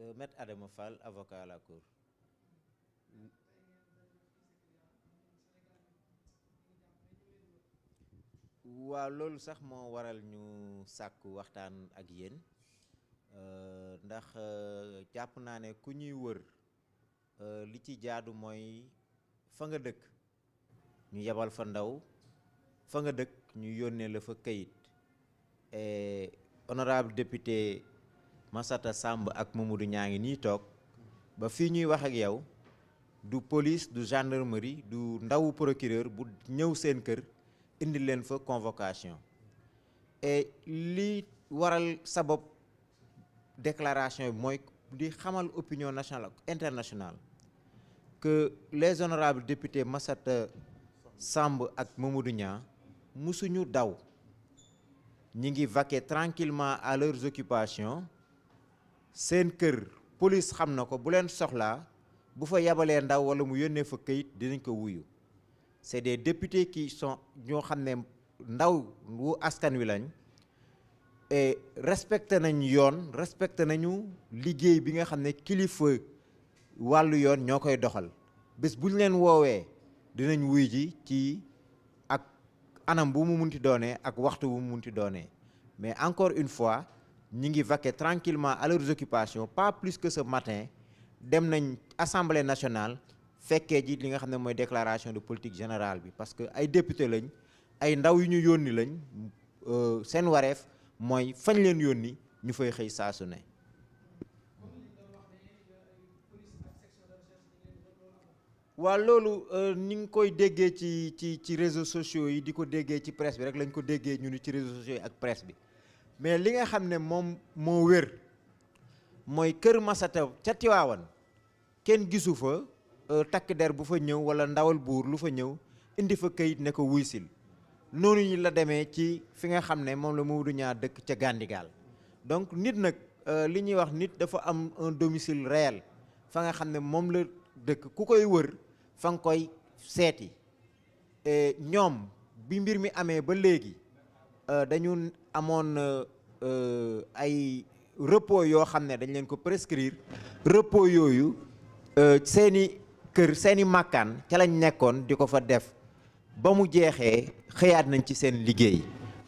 Euh, Maître Adama Fall avocat à la cour waaw loolu sax moo waral ñu sàkku waxtaan ak yéen euh, ndax euh, jàpp naa ne ku ñuy wër li ci jaadu mooy fa nga dëkk ñu yebal fa ndaw fa nga dëkk ñu yónnee la fa kayit et honorable député Massata Samb ak Mamadou ñaa ngi nii toog ba fii ñuy wax ak yow du police du gendarmerie du ndawu procureur bu ñëw seen kër indi leen fa convocation et li waral sabab déclaration bi mooy di xamal opinion nationale ak internationale que les honorables députés Massata Samb ak Mamadou Niang musuñu daw ñi ngi vaquer tranquillement à leurs occupations seen kër police xam na ko bu leen soxlaa bu fa yabalee ndaw wala mu yónnee fa këyit dinañ ko wuyu c'est des députés qui sont ñoo xam ne ndaw wu askan wi lañ et respecté nañ yoon respecté nañu liggéey bi nga xam ne kilifa wàllu yoon ñoo koy doxal bés bu ñu leen woowee dinañ wuy ji ci ak anam bu mu munti doonee ak waxtu bu mu munti doonee mais encore une fois ñi ngi vaquer tranquillement à leurs occupations pas plus que ce matin dem nañ assemblée nationale fekkee ji li nga xam ne mooy déclaration de politique générale bi parce que ay député lañ ay ndaw yu ñu yónni lañ euh, seen wareef mooy fañ leen yónni ñu fay xëy saa ne. waa loolu euh, ni ngi koy déggee ci ci ci réseaux sociaux yi di ko déggee ci presse bi rek lañ ko déggee ñu ni ci réseaux sociaux yi ak presse bi. mais li nga xam ne moom moo wér mooy kër Masata ca Tiwaawan kenn gisu fa euh, takk der bu fa ñëw wala ndawal buur lu fa ñëw indi fa kayit ne ko wuy noonu ñu la demee ci fi nga xam ne moom la Mamadou Niang dëkk ca Gandigaal donc nit nag euh, li ñuy wax nit dafa am un domicile fa nga xam ne moom la dëkk ku koy wër fa nga koy seeti ñoom bi mbir mi amee ba léegi euh, dañu amoon euh, euh, ay repos yoo xam ne dañ leen ko prescrire repos yooyu euh, seen i kër seeni i màkkaan ca lañ nekkoon di ko fa def ba mu jeexee xëyaat nañ ci seen liggéey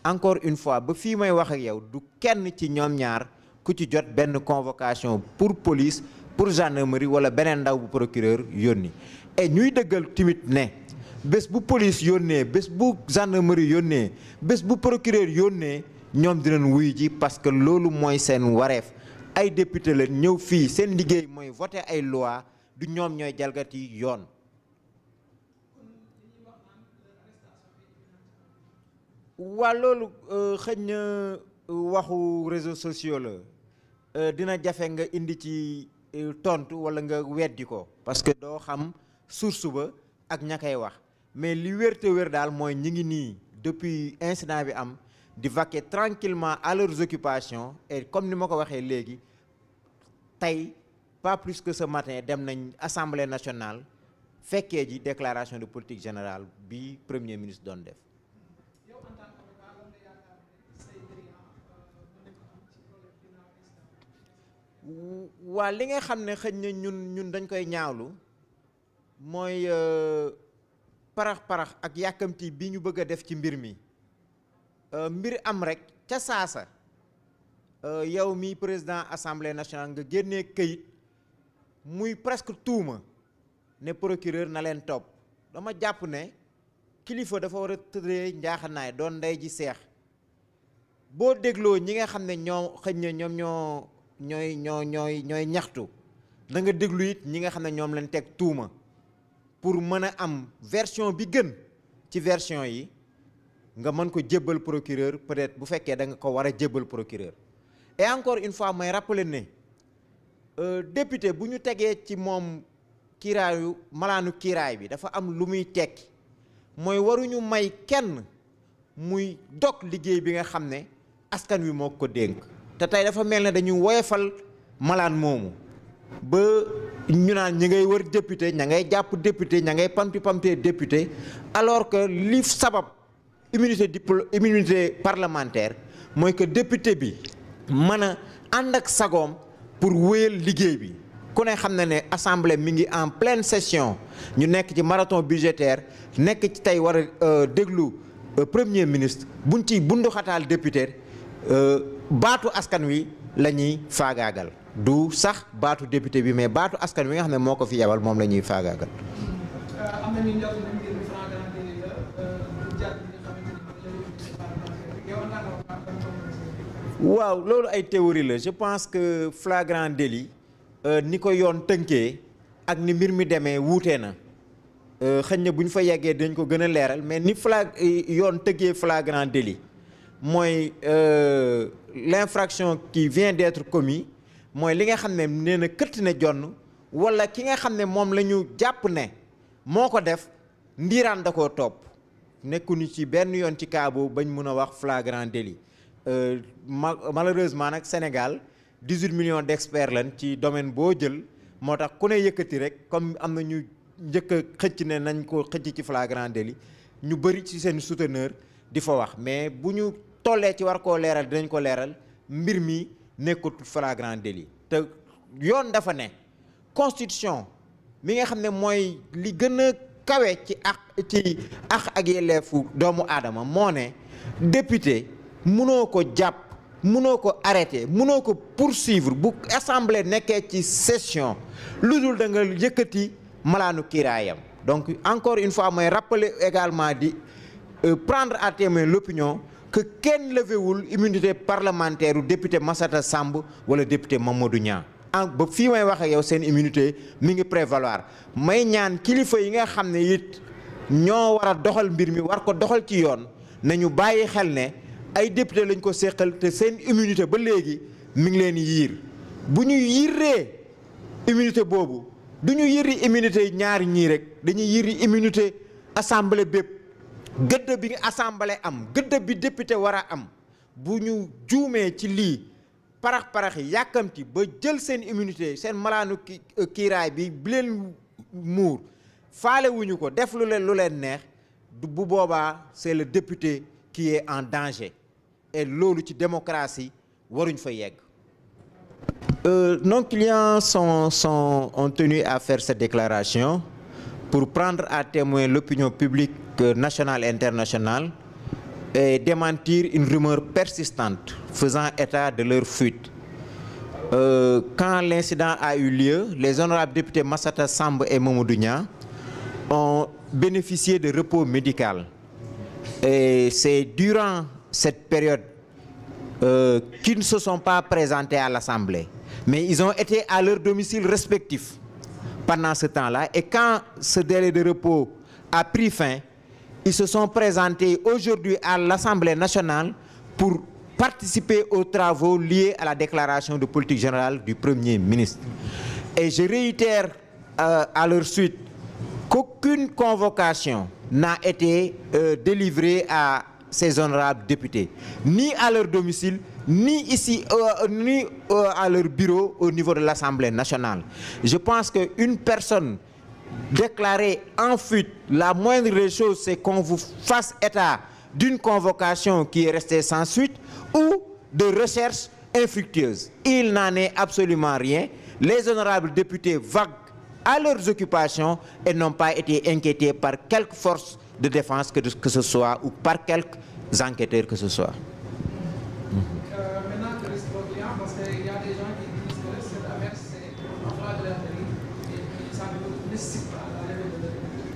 encore une fois ba fii may wax ak yow du kenn ci ñoom ñaar ku ci jot benn convocation pour police pour gendarmerie wala beneen ndaw bu procureur yónni et ñuy dëggal timit ne bés bu police yónnee bés bu gendarmerie yónnee bés bu procureur yónnee ñoom dinañ wuyu ji parce que loolu mooy seen wareef ay député la ñëw fii seen liggéey mooy voter ay loi du ñoom ñooy jalgati yoon waa loolu euh, xëj na euh, waxu réseaux sociaux la euh, dina jafe nga indi ci tontu walla nga weddi ko parce que doo xam source ba ak ña koy wax mais li wérte wér daal mooy ñi ngi nii depuis incident bi am di vaquer tranquillement à leurs occupations et comme ni ma ko waxee léegi tey pas plus que sa matin dem nañ assemblée nationale fekkee ji déclaration de politique générale bi premier ministre doon def. waa li nga xam ne xëj na ñun ñun dañ koy ñaawlu mooy euh, parax parax ak yàkkamti bi ñu bëgg a def ci mbir mi. Euh, mbir am rek ca saasa euh, yow mi président assemblée nationale nga génnee kayit muy presque tuuma ne procureur na leen topp dama jàpp ne kilifa dafa war a tëddee njaaxanaay doon ndey ji seex boo dégloo ñi nga xam ne ñoo xëj na ñoom ñoo ñooy ñoo ñooy ñaxtu da nga déglu it ñi nga xam ne ñoom leen teg tuuma pour mën a am version bi gën ci version yi nga mën ko jébbal procureur peut-être bu fekkee da nga ko war a jébbal procureur et encore une fois may rappeler ne euh, député bu ñu tegee ci moom kiiraayu malaanu kiiraay bi dafa am lu muy tekki mooy waruñu may kenn muy dog liggéey bi nga xam ne askan wi moo ko dénk te tey dafa mel ne dañu woyofal malaan moomu ba ñu naan ñi ngay war député ña ngay jàpp député ña ngay pampi pampee député alors que li sabab immunité dipl immunité parlementaire mooy que député bi mën a ànd ak sagoom pour wéyal liggéey bi ku ne xam na ne assemblée mi ngi en pleine session ñu nekk ci marathon budgétaire nekk ci tey war a euh, déglu euh, premier ministre buñ ci bunduxataal député euh, baatu askan wi la ñuy faagaagal du sax baatu député bi mais baatu askan wi nga xam ne moo ko fi yebal moom la ñuy faagaagal. waaw loolu ay théorie la je pense que flagrant délit euh, ni ko yoon tënkee ak ni mbir mi demee wuutee na euh, xëñ na bu ñu fa yeggee dañ ko gën a leeral mais ni flag yoon tëggee flagrant délit mooy euh, l'infraction qui vient d'être commise mooy li nga xam ne nee na këtt ne jonn wala ki nga xam ne moom la ñu jàpp ne moo ko def ndiiraan da ko topp nekkuñu ci benn yoon ci cas bañ mun a wax flagrant délit Euh, malheureusement nag Sénégal 18 millions d'experts lan ci domaine boo jël moo tax ku ne yëkkati rek comme am na ñu njëkk xëcc ne nañ ko xëcc ci flagrant délit ñu bëri ci seen souteneur di fa wax mais bu ñu tollee ci war koo leeral dinañ ko leeral mbir mi nekkut flagrant délit te yoon dafa ne constitution mi nga xam ne mooy li gën a kawe ci ak ci ak ak yelleefu doomu aadama moo ne député mënoo ko jàpp mënoo ko arrêté munoo ko poursuivre bu assemblée nekkee ci session lu dul da nga yëkkati malaanu kiiraayam donc encore une fois mooy rappeler également di euh, prendre à témoin l'opinion que kenn levewul immunité parlementaire u député Massata Samb wala député Mamadou Niang ah ba fii may wax ak yow seen immunité mi ngi prévaloir may ñaan kilifa yi nga xam ne it ñoo war a doxal mbir mi war ko doxal ci yoon nañu bàyyi xel ne ay député lañ ko seqal te seen immunité ba léegi mi ngi leen yiir bu ñuy yiiree immunité boobu du ñu yiri immunité ñaari ñii rek dañuy yiri immunité assemblée bépp gëdd bi nga am gëdd bi député war a am bu ñu juumee ci lii parax parax yàkkamti ba jël seen immunité seen malaanu ki euh, kiiraay bi bi muur faale ko def lu leen lu leen neex bu boobaa c'est le député qui en danger et loolu ci démocratie waruñ fa yegg. Euh, nos clients sont sont ont tenu à faire cette déclaration pour prendre à témoin l'opinion publique euh, nationale et internationale et démentir une rumeur persistante faisant état de leur fuite. Euh, quand l'incident a eu lieu, les honorables députés Massata Samb et du Niang ont bénéficié de repos médicale Et c'est durant cette période euh, qui ne se sont pas présentés à l'Assemblée, mais ils ont été à leur domicile respectif pendant ce temps-là. Et quand ce délai de repos a pris fin, ils se sont présentés aujourd'hui à l'Assemblée nationale pour participer aux travaux liés à la déclaration de politique générale du Premier ministre. Et je réitère euh, à leur suite qu'aucune convocation n'a été euh, délivrée à ces honorables députés, ni à leur domicile, ni ici, euh, ni euh, à leur bureau au niveau de l'Assemblée nationale. Je pense qu'une personne déclarée en fuite, la moindre des choses, c'est qu'on vous fasse état d'une convocation qui est restée sans suite ou de recherche infructueuse. Il n'en est absolument rien. Les honorables députés vaguent à leurs occupations et n'ont pas été inquiétés par quelque force de défense que, que ce soit ou par quelques enquêteurs que ce soit.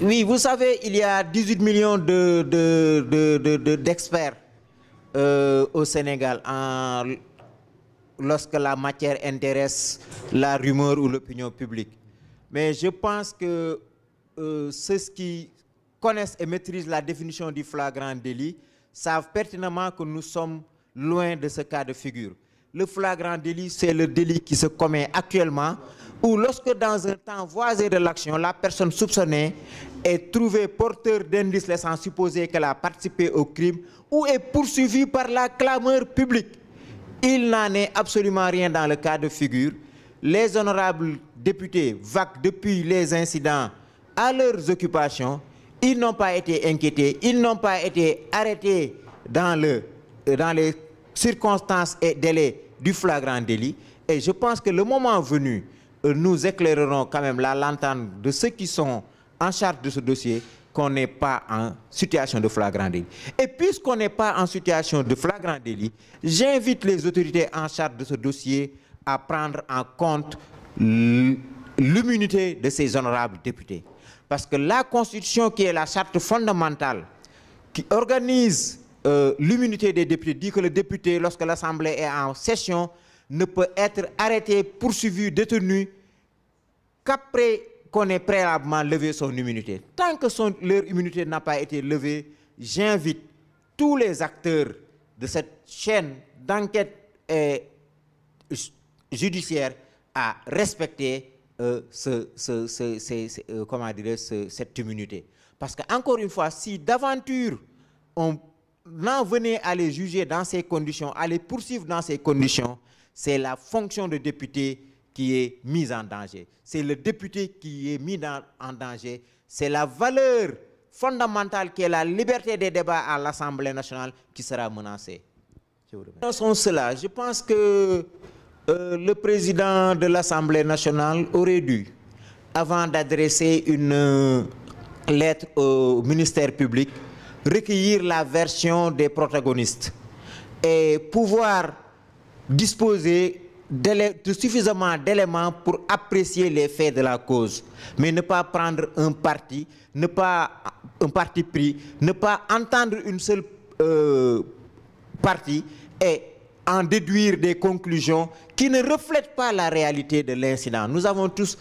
Oui, vous savez, il y a 18 millions de, de, de, d'experts de, euh, au Sénégal en, lorsque la matière intéresse la rumeur ou l'opinion publique. Mais je pense que euh, ce qui connaissent et maîtrisent la définition du flagrant délit savent pertinemment que nous sommes loin de ce cas de figure. Le flagrant délit, c'est le délit qui se commet actuellement ou lorsque dans un temps voisin de l'action, la personne soupçonnée est trouvée porteur d'indices laissant supposer qu'elle a participé au crime ou est poursuivie par la clameur publique. Il n'en est absolument rien dans le cas de figure. Les honorables députés vaquent depuis les incidents à leurs occupations ils n'ont pas été inquiétés, ils n'ont pas été arrêtés dans, le, euh, dans les circonstances et délais du flagrant délit. Et je pense que le moment venu, euh, nous éclairerons quand même la lanterne de ceux qui sont en charge de ce dossier qu'on en situation de flagrant délit. Et n'est pas en situation de flagrant délit, j'invite les autorités en charge de ce dossier à prendre en compte l'immunité de ces honorables députés. Parce que la Constitution, qui est la charte fondamentale, qui organise euh, l'immunité des députés, dit que le député, lorsque l'Assemblée est en session, ne peut être arrêté, poursuivi, détenu qu'après qu'on ait préalablement levé son immunité. Tant que son, leur immunité n'a pas été levée, j'invite tous les acteurs de cette chaîne d'enquête judiciaire à respecter euh, ce, ce, ce, ce euh, comment dirais, cette immunité. Parce qu'encore une fois, si d'aventure on en venait à les juger dans ces conditions, à les poursuivre dans ces conditions, c'est la fonction de député qui est mise en danger. C'est le député qui est dans, en danger. la valeur fondamentale qui est la liberté des débats à l'Assemblée nationale qui sera menacée. Je je pense que Euh, le président de l'Assemblée nationale aurait dû, avant d'adresser une euh, lettre au ministère public, recueillir la version des protagonistes et pouvoir disposer de suffisamment d'éléments pour apprécier les faits de la cause, mais ne pas prendre un parti, ne parti pris, ne pas entendre une seule euh, partie en déduire des conclusions qui ne reflètent pas la réalité de l'incident. Nous avons tous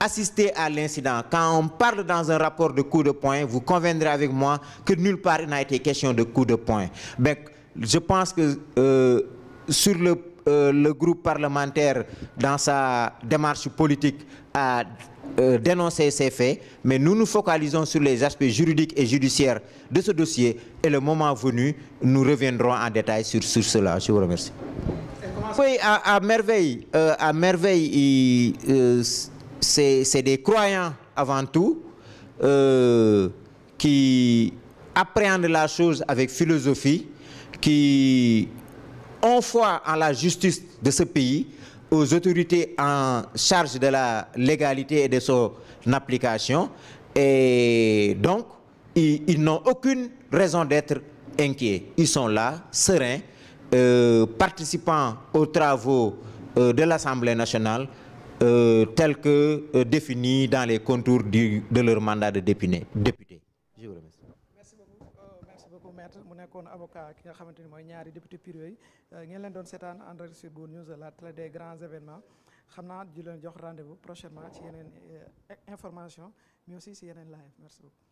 assisté à l'incident. Quand on parle dans un rapport de coup de poing, vous conviendrez avec moi que nulle part il n'a été question de coup de poing. Ben, je pense que euh, sur le, euh, le groupe parlementaire, dans sa démarche politique, a euh, dénoncer ces faits, mais nous nous focalisons sur les aspects juridiques et judiciaires de ce dossier et le moment venu, nous reviendrons en détail sur, sur cela. Je vous remercie. Oui, à, à merveille, euh, à merveille, euh, c'est des croyants avant tout euh, qui appréhendent la chose avec philosophie, qui ont foi en la justice de ce pays, aux autorités en charge de la légalité et de son application. Et donc, ils, ils n'ont aucune raison d'être inquiets. Ils sont là, sereins, euh, participant aux travaux euh, de l'Assemblée nationale euh, tels que euh, définis dans les contours du, de leur mandat de député. nekkoon avocat ki nga xamante ni mooy ñaari député pur yooyu euh, ngeen leen doon seetaan en direct sur Good News la des grands événements xam naa di leen jox rendez-vous prochainement ci yeneen euh, information mais aussi ci yeneen live merci beaucoup